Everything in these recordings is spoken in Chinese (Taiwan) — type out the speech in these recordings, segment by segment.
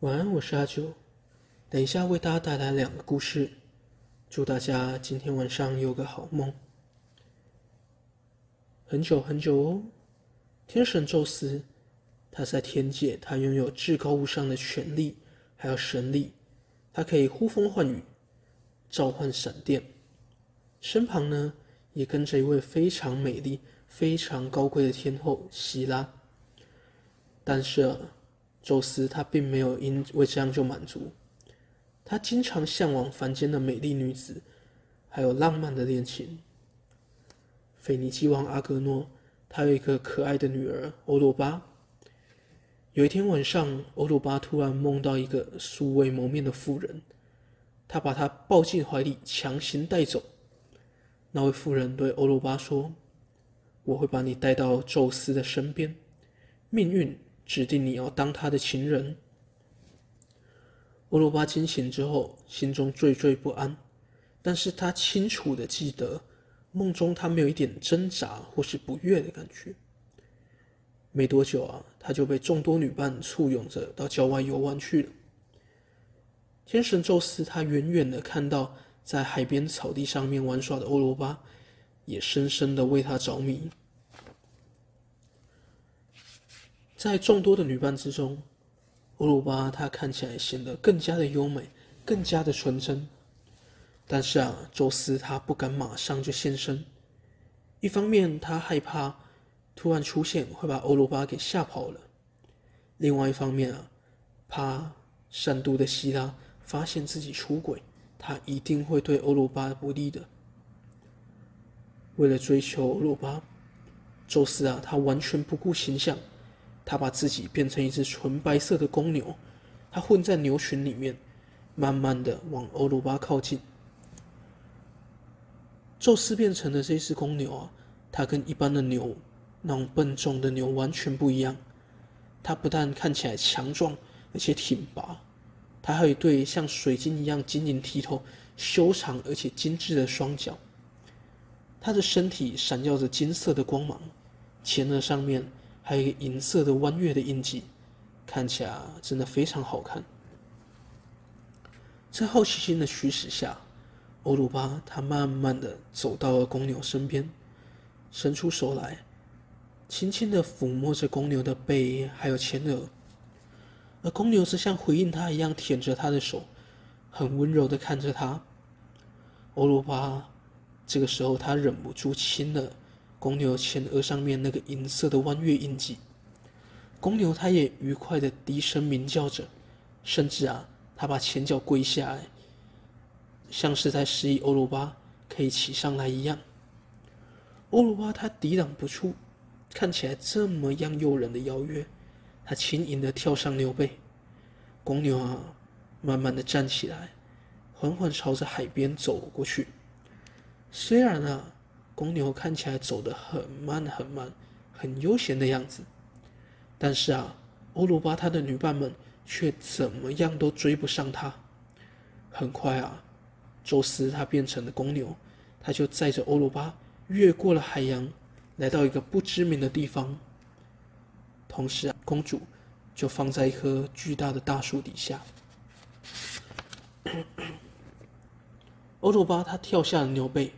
晚安，我是阿九，等一下為大家帶來兩個故事，祝大家今天晚上有個好夢。很久很久哦，天神宙斯，他在天界，他擁有至高無上的權力，還有神力，他可以呼風喚雨，召喚閃電，身旁呢也跟着一位非常美麗、非常高貴的天後希拉，但是、啊。宙斯他並沒有因為這樣就滿足，他經常向往凡間的美麗女子，還有浪漫的戀情。腓尼基王阿格諾，他有一個可愛的女兒歐洛巴。有一天晚上，歐洛巴突然夢到一個素未謀面的婦人，他把她抱進懷裡，強行帶走。那位婦人對歐洛巴說：“我會把你帶到宙斯的身邊，命運。”指定你要當他的情人。歐羅巴驚醒之後，心中惴惴不安，但是他清楚的記得，夢中他沒有一點掙扎或是不悅的感覺。沒多久啊，他就被眾多女伴簇擁着到郊外遊玩去了。天神宙斯，他遠遠的看到在海邊草地上面玩耍的歐羅巴，也深深的為他着迷。在眾多的女伴之中，歐羅巴她看起來顯得更加的優美，更加的純真。但是啊，宙斯他不敢馬上就現身。一方面他害怕突然出現會把歐羅巴給嚇跑了；另外一方面啊，怕善妒的希拉發現自己出軌，他一定會對歐羅巴不利的。為了追求歐羅巴，宙斯啊，他完全不顧形象。他把自己變成一只純白色的公牛，他混在牛群裡面，慢慢地往歐羅巴靠近。宙斯變成的這只公牛啊，它跟一般的牛那種笨重的牛完全不一樣。它不但看起來強壯，而且挺拔，它還有一對像水晶一樣晶瑩剔透、修長而且精致的雙腳。它的身體閃耀着金色的光芒，前額上面。還有一個銀色的彎月的印記，看起來真的非常好看。在好奇心的驅使下，歐魯巴他慢慢的走到了公牛身邊，伸出手來，輕輕的撫摸着公牛的背，還有前額，而公牛則像回應他一樣舔着他的手，很溫柔的看着他。歐魯巴這個時候他忍不住親了。公牛前額上面那個銀色的彎月印記，公牛它也愉快地低聲鳴叫着，甚至啊，它把前腳跪下來，像是在示意歐羅巴可以騎上來一樣。歐羅巴它抵擋不住看起來這麼樣誘人的邀約，它輕盈地跳上牛背。公牛啊，慢慢地站起來，緩緩朝着海邊走過去。雖然啊。公牛看起來走得很慢很慢，很悠閒的樣子，但是啊，歐羅巴他的女伴們卻怎麼樣都追不上他。很快啊，宙斯他變成了公牛，他就載着歐羅巴越過了海洋，來到一個不知名的地方。同時啊，公主就放在一棵巨大的大樹底下。歐羅巴他跳下了牛背，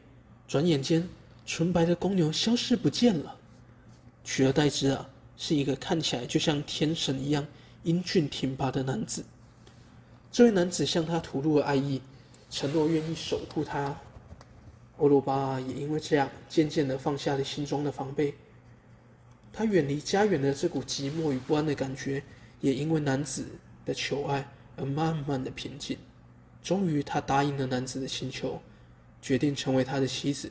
轉眼間。純白的公牛消失不見了，取而代之的，是一個看起來就像天神一樣英俊挺拔的男子。這位男子向他吐露了愛意，承諾願意守護他。歐羅巴也因為這樣，漸漸的放下了心中的防備。他遠離家園的這股寂寞與不安的感覺，也因為男子的求愛而慢慢的平靜。終於，他答應了男子的請求，決定成為他的妻子。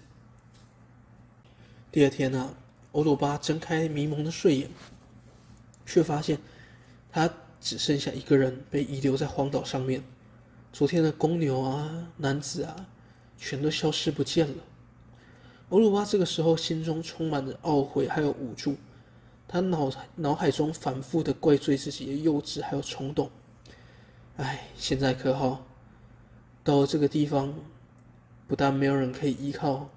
第二天呢、啊，歐魯巴睜開迷蒙的睡眼，卻發現他只剩下一個人被遺留在荒島上面。昨天的公牛啊，男子啊，全都消失不見了。歐魯巴這個時候心中充滿着懊悔，還有無助。他腦腦海中反複的怪罪自己的幼稚還有衝動。唉，現在可好，到了這個地方，不但沒有人可以依靠。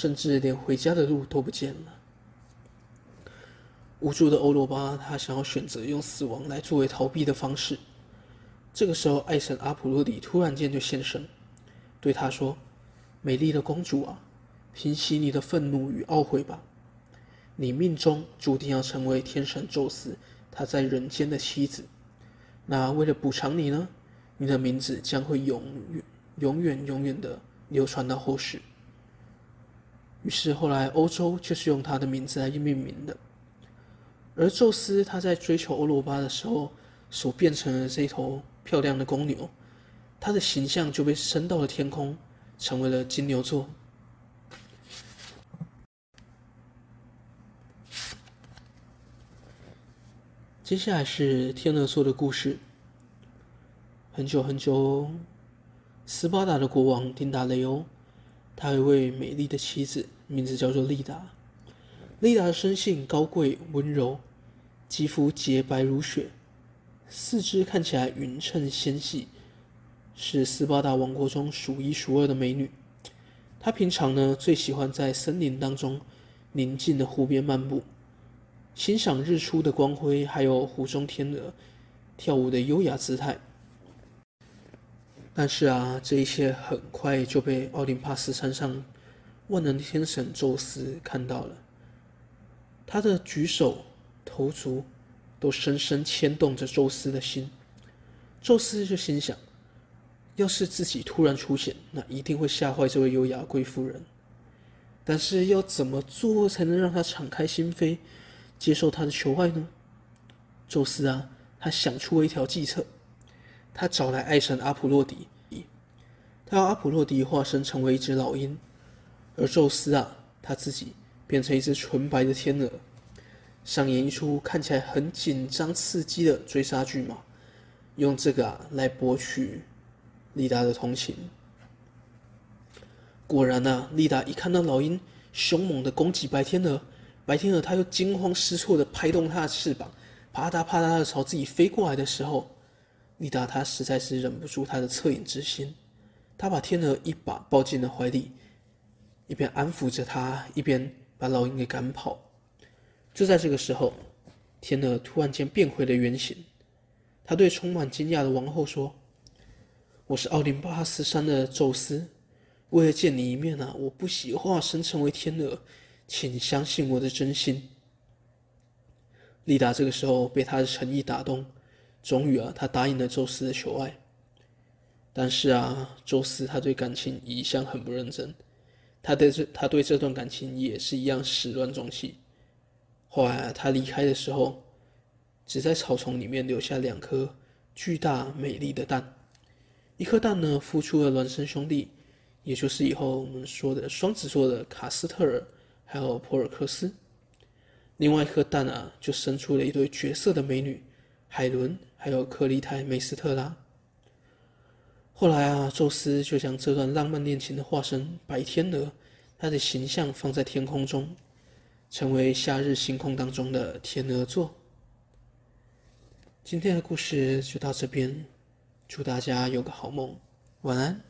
甚至連回家的路都不見了。無助的歐羅巴，他想要選擇用死亡來作為逃避的方式。這個時候，愛神阿普洛狄突然間就現身，對他說：“美麗的公主啊，平息你的憤怒與懊悔吧。你命中注定要成為天神宙斯他在人間的妻子。那為了補償你呢，你的名字將會永遠永遠永遠的流傳到後世。”於是後來，歐洲就是用他的名字來命名的。而宙斯他在追求歐羅巴的時候，所變成了這一頭漂亮的公牛，他的形象就被升到了天空，成為了金牛座。接下來是天鵝座的故事。很久很久哦，斯巴達的國王丁達雷歐，他有一位美麗的妻子。名字叫做麗達，麗達的生性高貴溫柔，肌膚潔白如雪，四肢看起來勻稱纖細，是斯巴達王國中數一數二的美女。她平常呢最喜歡在森林當中寧靜的湖邊漫步，欣賞日出的光輝，還有湖中天鵝跳舞的優雅姿態。但是啊，這一切很快就被奧林帕斯山上。萬能天神宙斯看到了他的舉手投足，都深深牽動着宙斯的心。宙斯就心想：要是自己突然出現，那一定會嚇壞這位優雅貴婦人。但是要怎麼做才能讓他敞開心扉，接受他的求愛呢？宙斯啊，他想出了一條計策，他找來愛神阿普洛狄，他要阿普洛狄化身成為一隻老鷹。而宙斯啊，他自己變成一隻純白的天鵝，上演一出看起來很緊張刺激的追殺劇嘛，用這個啊來博取麗達的同情。果然啊，麗達一看到老鷹凶猛的攻擊白天鵝，白天鵝他又驚慌失措的拍動他的翅膀，啪嗒啪嗒的朝自己飛過來的時候，麗達他實在是忍不住他的惻隱之心，他把天鵝一把抱進了懷裡。一邊安撫着他，一邊把老鷹給趕跑。就在這個時候，天鵝突然間變回了原形。他對充滿驚訝的王后說：“我是奧林巴斯山的宙斯，為了見你一面啊，我不惜化身成為天鵝，請相信我的真心。”麗達這個時候被他的誠意打動，終於啊，他答應了宙斯的求愛。但是啊，宙斯他對感情一向很不認真。他對這，他對這段感情也是一樣，始亂終棄。後來、啊、他離開的時候，只在草叢裡面留下兩顆巨大美麗的蛋，一顆蛋呢，孵出了孿生兄弟，也就是以後我們說的雙子座的卡斯特爾，還有普爾克斯。另外一顆蛋啊，就生出了一對絕色的美女，海倫還有克麗泰梅斯特拉。後來啊，宙斯就將這段浪漫戀情的化身白天鵝，他的形象放在天空中，成為夏日星空當中的天鵝座。今天的故事就到這邊，祝大家有個好夢，晚安。